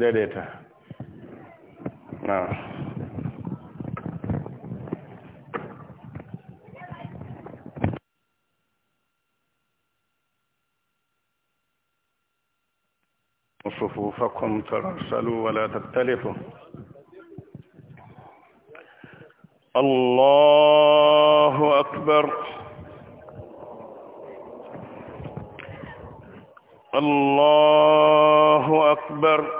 daidaita na نعم. صفوفكم ترسلوا ولا تختلفوا الله أكبر الله أكبر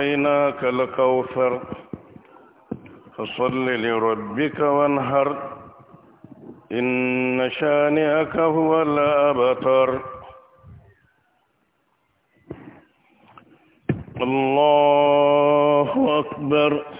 أعطيناك الكوثر فصل لربك وانهر إن شانئك هو الأبتر الله أكبر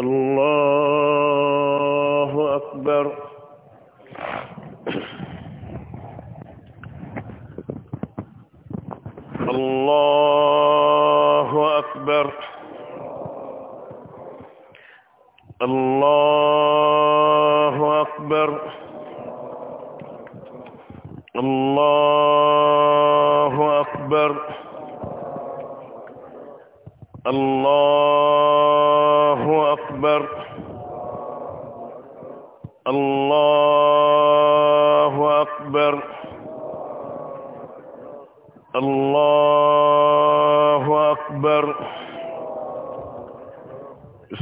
Allah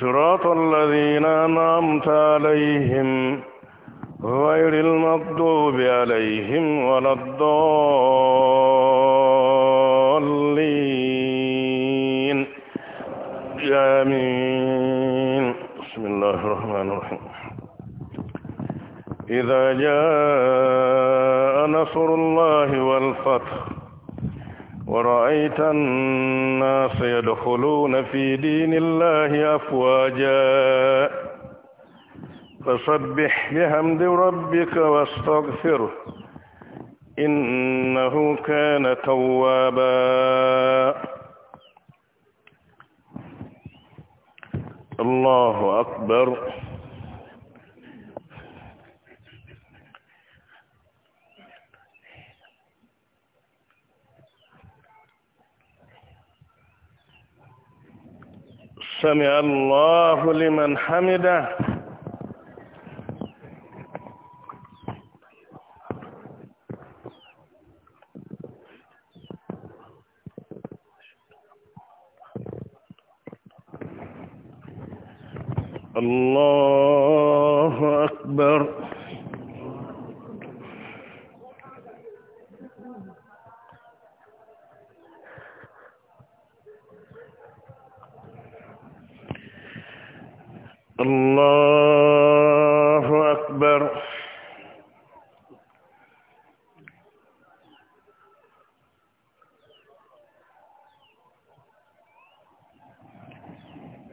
صراط الذين أنعمت عليهم غير المغضوب عليهم ولا الضالين آمين بسم الله الرحمن الرحيم إذا جاء نصر الله والفتح ورأيت الناس سيدخلون في دين الله أفواجا فسبح بحمد ربك واستغفره إنه كان توابا سمع الله لمن حمده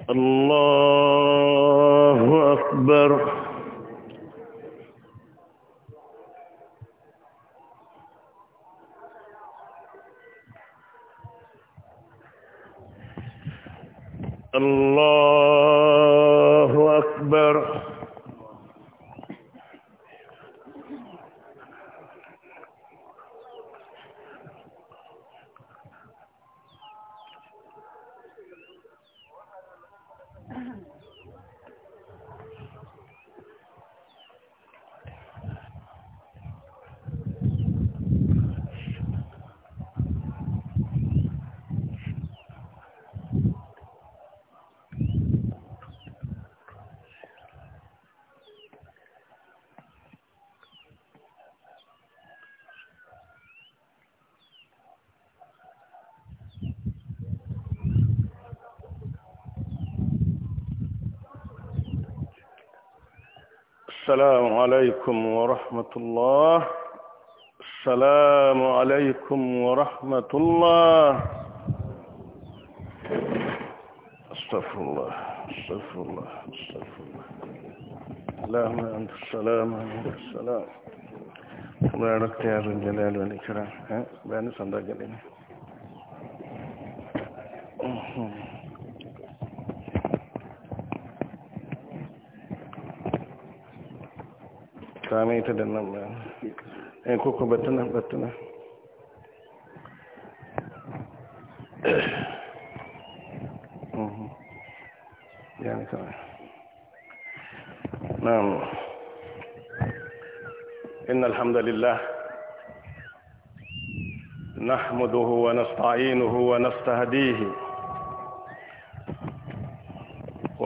الله أكبر السلام عليكم ورحمة الله السلام عليكم ورحمة الله استغفر الله استغفر الله استغفر الله اللهم أنت السلام عليك السلام بارك يا ذو الجلال والإكرام ها بأني صندوق same ita da nan ba ɗan kuku batuna batuna نعم إن الحمد لله نحمده ونستعينه ونستهديه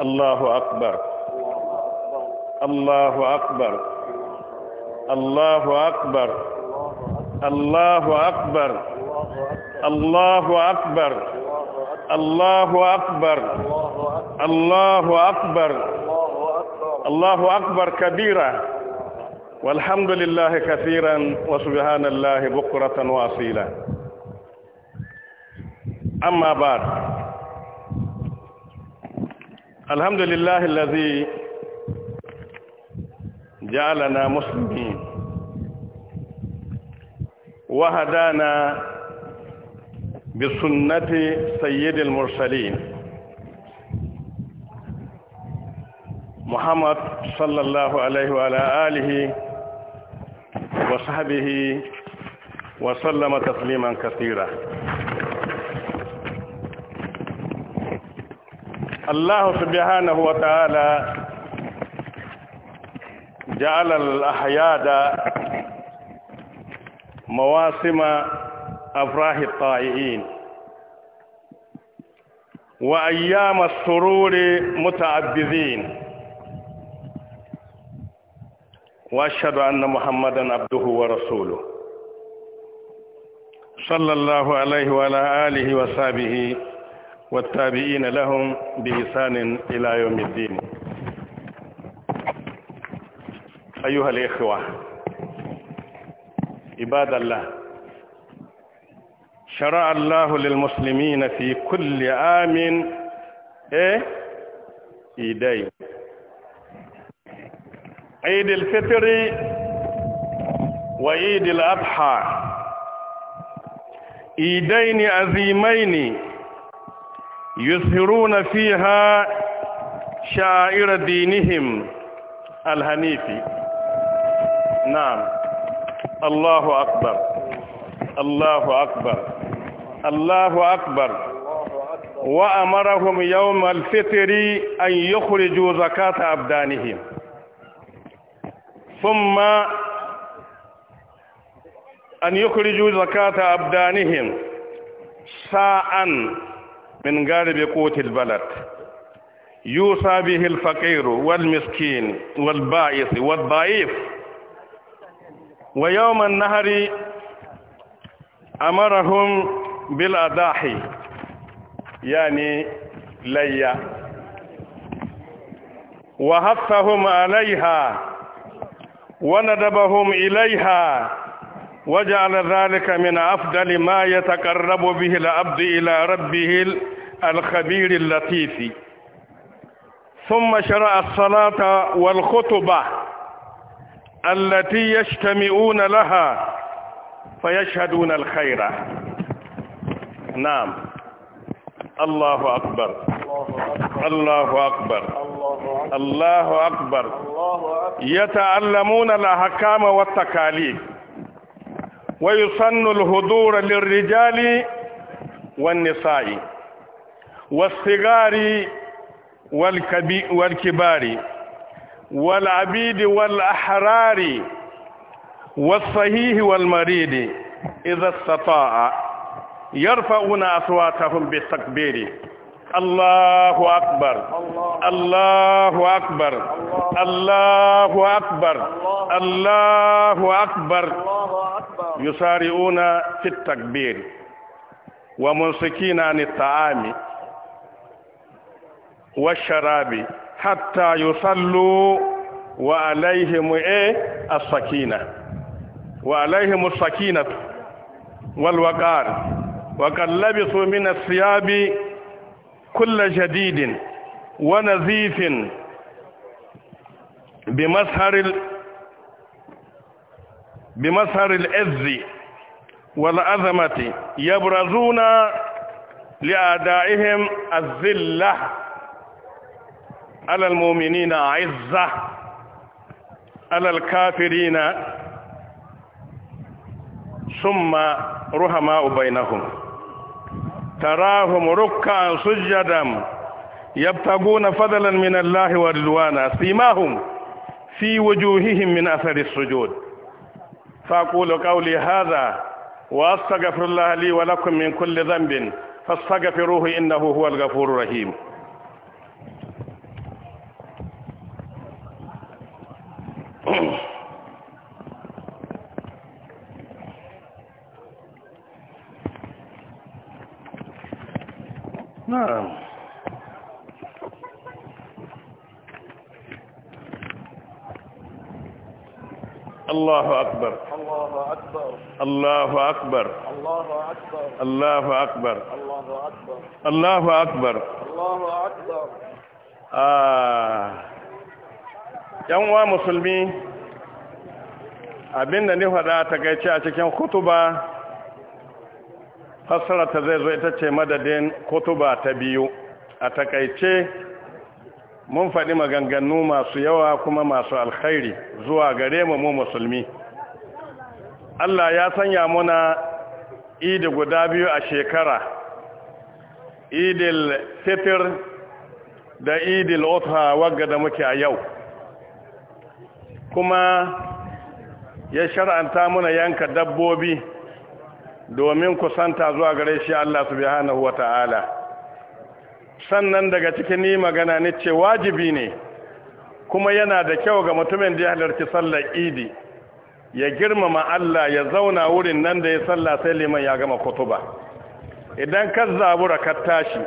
الله أكبر الله أكبر الله أكبر الله أكبر الله أكبر الله أكبر الله أكبر الله أكبر كبيرة والحمد لله كثيرا وسبحان الله بكرة وأصيلا أما بعد الحمد لله الذي جعلنا مسلمين وهدانا بسنة سيد المرسلين محمد صلى الله عليه وعلى آله وصحبه وسلم تسليما كثيرا الله سبحانه وتعالى جعل الأحياد مواسم أفراح الطائعين وأيام السرور متعبدين وأشهد أن محمدا عبده ورسوله صلى الله عليه وعلى آله وصحبه والتابعين لهم بإحسان إلى يوم الدين أيها الإخوة عباد الله شرع الله للمسلمين في كل عام إيه عيدين عيد الفطر وعيد الأضحى عيدين عظيمين يظهرون فيها شعائر دينهم الهنيف نعم الله أكبر الله أكبر الله أكبر وأمرهم يوم الفطر أن يخرجوا زكاة أبدانهم ثم أن يخرجوا زكاة أبدانهم ساءً من غالب قوت البلد يوصى به الفقير والمسكين والبائس والضعيف ويوم النهر أمرهم بالأضاحي يعني ليا وحثهم عليها وندبهم إليها وجعل ذلك من أفضل ما يتقرب به العبد إلى ربه الخبير اللطيف ثم شرع الصلاة والخطبة التي يجتمعون لها فيشهدون الخير نعم الله أكبر الله أكبر الله أكبر يتعلمون الأحكام والتكاليف ويسن الهدور للرجال والنساء والصغار والكبار والعبيد والأحرار والصحيح والمريض إذا استطاع يرفعون أصواتهم بالتكبير الله أكبر الله أكبر الله أكبر الله أكبر يسارعون في التكبير ومنسكين عن الطعام والشراب حتى يصلوا وعليهم إيه؟ السكينة وعليهم السكينة والوقار وقد لبسوا من الثياب كل جديد ونظيف بمظهر بمظهر الاذ والعظمة يبرزون لأعدائهم الذلة على المؤمنين عزة على الكافرين ثم رحماء بينهم تراهم ركعا سجدا يبتغون فضلا من الله ورضوانا سيماهم في وجوههم من أثر السجود فأقول قولي هذا وأستغفر الله لي ولكم من كل ذنب فاستغفروه إنه هو الغفور الرحيم نعم الله أكبر الله أكبر الله أكبر الله أكبر الله أكبر الله أكبر الله أكبر الله أكبر آه يوم مسلمي abinda ni faɗa ta gaice a cikin kutuba fasara ta zai zo ita ce madadin kutuba ta biyu a takaice mun faɗi maganganu masu yawa kuma masu alkhairi zuwa gare mu musulmi Allah ya sanya muna idi guda biyu a shekara idil fitir da idil otha wagga da muke a yau kuma ya shar'anta muna yanka dabbobi domin kusanta zuwa gare shi Allah subhanahu wa sannan daga cikin ni magana ne ce wajibi ne kuma yana da kyau ga mutumin da ya halarci sallar idi ya girmama Allah ya zauna wurin nan da ya salla sai liman ya gama kutuba idan ka zabura ka tashi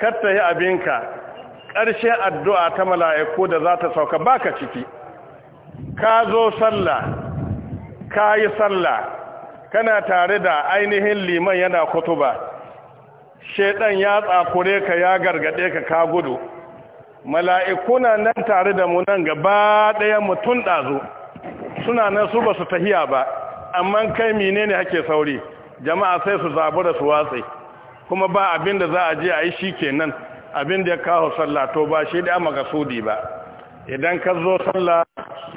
ka tafi abinka ƙarshen addu'a ta mala'iku da za ta sauka baka ciki ka zo sallah ka yi sallah kana tare da ainihin liman yana kutuba shaidan ya tsakure ka ya gargade ka ka gudu mala'ikuna nan tare da mu nan gaba ɗaya mutum ɗazu suna nan su ba su tahiya ba amma kai menene hake sauri jama'a sai su zabu da su watsi kuma ba abin da za a je a yi shi kenan abin da ya kawo sallah to ba shi da sudi ba idan ka zo sallah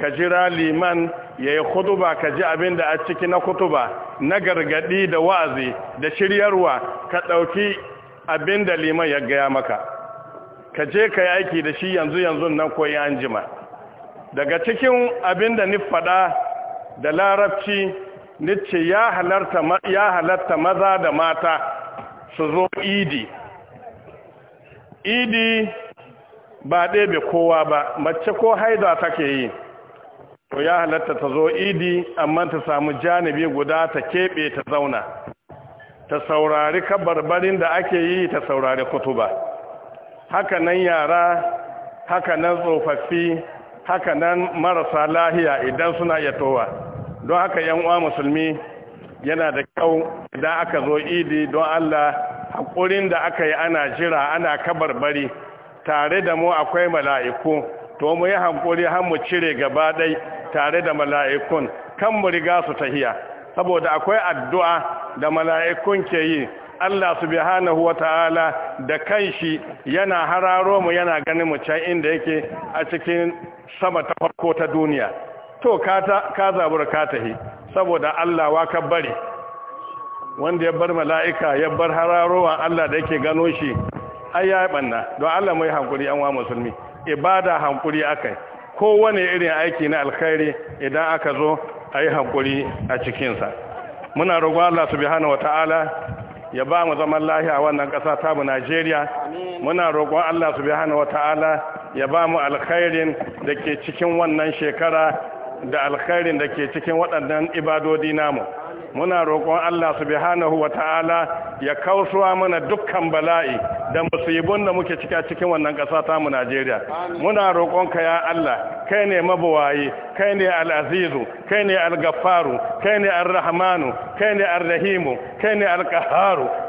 ka jira liman ya yi kutuba ka ji abin da a ciki na kutuba na gargadi da wa'azi da shiryarwa ka ɗauki abin da liman ya gaya maka ka je ka yi aiki da shi yanzu yanzu nan koyi an jima daga cikin abin da faɗa da larabci nice ya halarta maza da mata su zo idi idi ba ɗebe kowa ba mace ko haida take yi to ya halatta ta zo idi amma ta samu janibi guda ta keɓe ta zauna ta saurari kabarbarin da ake yi ta saurari kutuba haka nan yara haka nan tsofaffi haka nan marasa lahiya idan suna iya don haka yan uwa musulmi yana da kyau idan aka zo idi don allah haƙurin da aka yi ana jira ana kabarbari tare da mu akwai mala'iku to mu yi hankuri har mu cire gaba ɗai tare da mala'ikun kan mu riga su tahiya saboda akwai addu'a da mala'ikun ke yi Allah subhanahu wa ta'ala da kanshi yana hararo mu yana ganin mu can inda yake a cikin sama ta farko ta duniya to ka ka zabura ka tahi saboda Allah wa ka bari wanda ya bar mala'ika ya bar hararowa Allah da yake gano shi ai banna don Allah mai hankuri an wa musulmi ibada hankuri akai kowane irin aiki na alkhairi idan aka zo a yi hankuri a cikinsa muna roƙon Allah subhanahu wataala ya ba mu zaman lahiya a wannan ƙasa ta mu Najeriya muna roƙon Allah subhanahu wataala ya ba mu alkhairin da ke cikin wannan shekara da alkhairin da ke cikin waɗannan ibadodi namu muna roƙon Allah subhanahu wa ta'ala ya kausuwa mana dukkan bala'i da musibin da muke cika cikin wannan ƙasa ta mu Najeriya muna roƙon ka ya Allah kai ne mabuwaye kai ne al-azizu kai ne al-gaffaru kai ne ar kai ne ar-rahimu kai ne al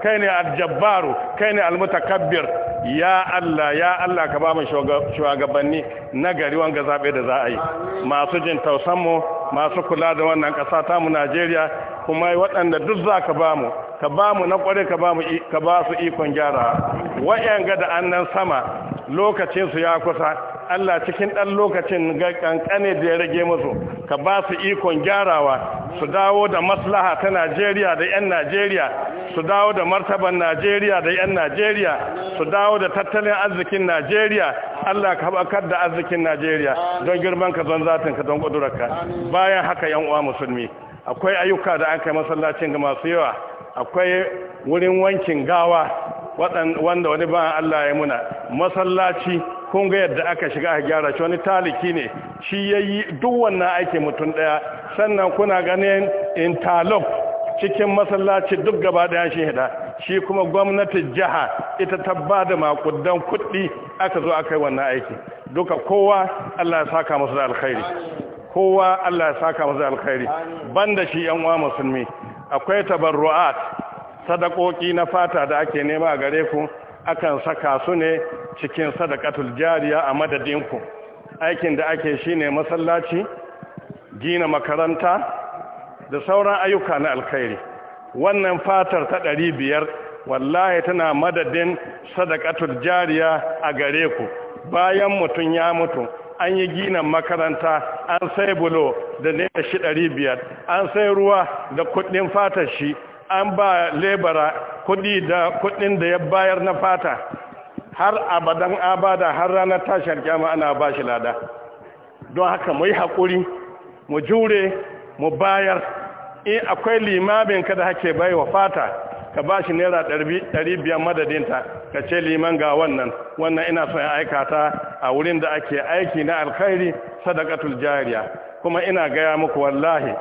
kai ne al-jabbaru kai ne al-mutakabbir ya Allah ya Allah ka ba mu shugabanni na gari wanga zabe da za a yi masu jin tausanmu masu kula da wannan ƙasa ta mu Najeriya kuma waɗanda duk za ka ba mu ka ba mu na ƙware ka ba mu ka ba su ikon gyara wa'yanga da annan sama lokacin su ya kusa Allah cikin ɗan lokacin ga kankane da ya rage musu ka ba su ikon gyarawa su dawo da maslaha ta Najeriya da 'yan Najeriya su dawo da martaban Najeriya da 'yan Najeriya su dawo da tattalin arzikin Najeriya Allah ka haɓakar da arzikin Najeriya don girman ka don zatin ka don ƙudurarka bayan haka yan uwa musulmi akwai ayyuka da an kai masallacin ga masu yawa akwai wurin wankin gawa wanda wani ba Allah ya muna masallaci kun ga yadda aka shiga a gyara shi wani taliki ne shi yayi duk wannan aikin mutum daya sannan kuna ganin interlock cikin masallaci duk gaba daya shi hida shi kuma gwamnatin jiha ita ta ba da makudan kuɗi aka zo aka yi wannan aiki duka kowa Allah ya saka masu da alkhairi kowa Allah ya saka masu da alkhairi banda shi yan uwa musulmi akwai tabarru'at sadakoki na fata da ake nema a gare ku akan saka su ne cikin sadakatul jariya a madadin ku aikin da ake shine masallaci gina makaranta da sauran ayyuka na alkhairi wannan fatar ta ɗari biyar wallahi tana madadin sadakatul jariya a gare ku bayan mutum ya mutu an yi ginin makaranta an sai bulo da nesa shi ɗari biyar an sai ruwa da kuɗin fatar shi an ba lebara kuɗi da kuɗin da ya bayar na fata har abadan abada har ranar tashar kyama ana ba shi lada don haka mu yi haƙuri mu jure mu bayar in eh, akwai limamin kada da hake bai wa fata ka ba shi naira ɗari biyar madadinta ka ce liman ga wannan wannan ina son aika ta a wurin da ake aiki na alkhairi sadakatul jariya kuma ina gaya muku wallahi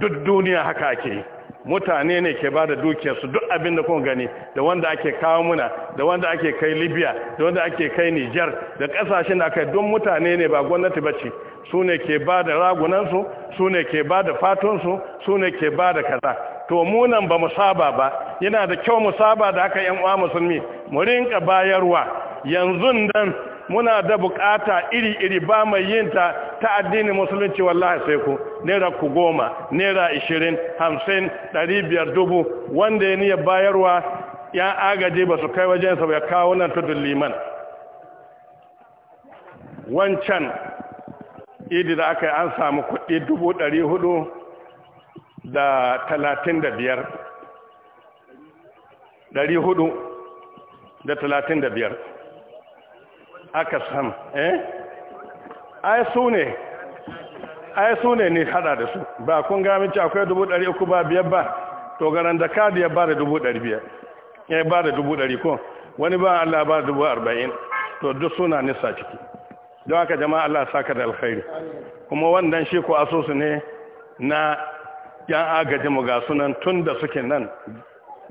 duk duniya haka ake mutane ne ke ba da dukiyarsu duk abin da kun gani da wanda ake kawo muna da wanda ake kai libya da wanda ake kai nijar da kasashen da aka don mutane ne ba gwamnati ba ce su ne ke ba da ragunansu su ne ke ba da fatonsu su ne ke ba da kaza to munan ba mu saba ba yana da kyau mu saba da haka yan uwa musulmi mu rinka bayarwa yanzu nan muna da bukata iri-iri ba mai yin ta ta addinin musulunci wallahi sai ku naira ku goma naira ishirin hamsin ɗari biyar dubu wanda ya niyar bayarwa ya agaje ba su kai wajen sa ya kawo nan tudun liman wancan idi da aka yi an samu kuɗi dubu ɗari hudu da talatin da biyar ɗari hudu da talatin da biyar aka sam eh ai su ne ai su ne ni hada da su ba kun gami ci akwai dubu ɗari uku ba biyar ba to garan da kadi ya ba da dubu ɗari biyar ya ba da dubu ɗari ko wani ba Allah ba da dubu arba'in to duk suna nisa ciki don haka jama'a Allah saka da alkhairi kuma wannan shi ko asusu ne na yan agaji mu ga sunan tun da suke nan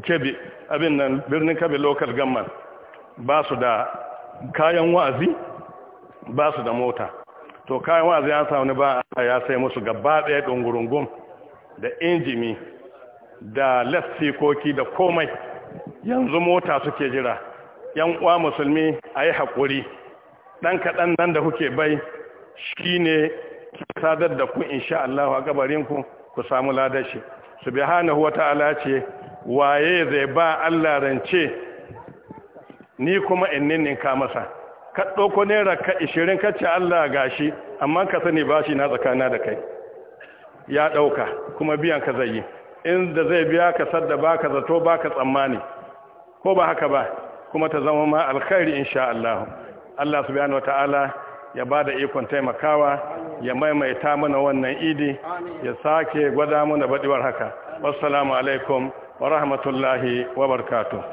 kebe abin nan birnin kebe local gamman ba su da kayan wa'azi ba su da mota to kayan wa'azi ya samu ba ya sai musu gaba ɗaya ɗungurungun da injimi da koki da komai yanzu mota suke jira yan uwa musulmi a yi haƙuri ɗan kaɗan nan da kuke bai shi ne sadar da ku insha Allah a gabarinku ku samu ladashi subhanahu wa ta'ala ce waye zai ba Allah rance ni kuma in ka masa ka ɗauko naira ka ishirin ka ce Allah shi amma ka sani ba shi na tsakana da kai ya ɗauka kuma biyan ka zai yi inda zai biya ka sadda ba ka zato ba ka tsammani ko ba haka ba kuma ta zama ma alkhairi insha Allah Allah subhanahu wataala ya ba da ikon taimakawa ya maimaita mana wannan idi ya sake gwada mana baɗiwar haka wassalamu alaikum wa rahmatullahi wa barkatu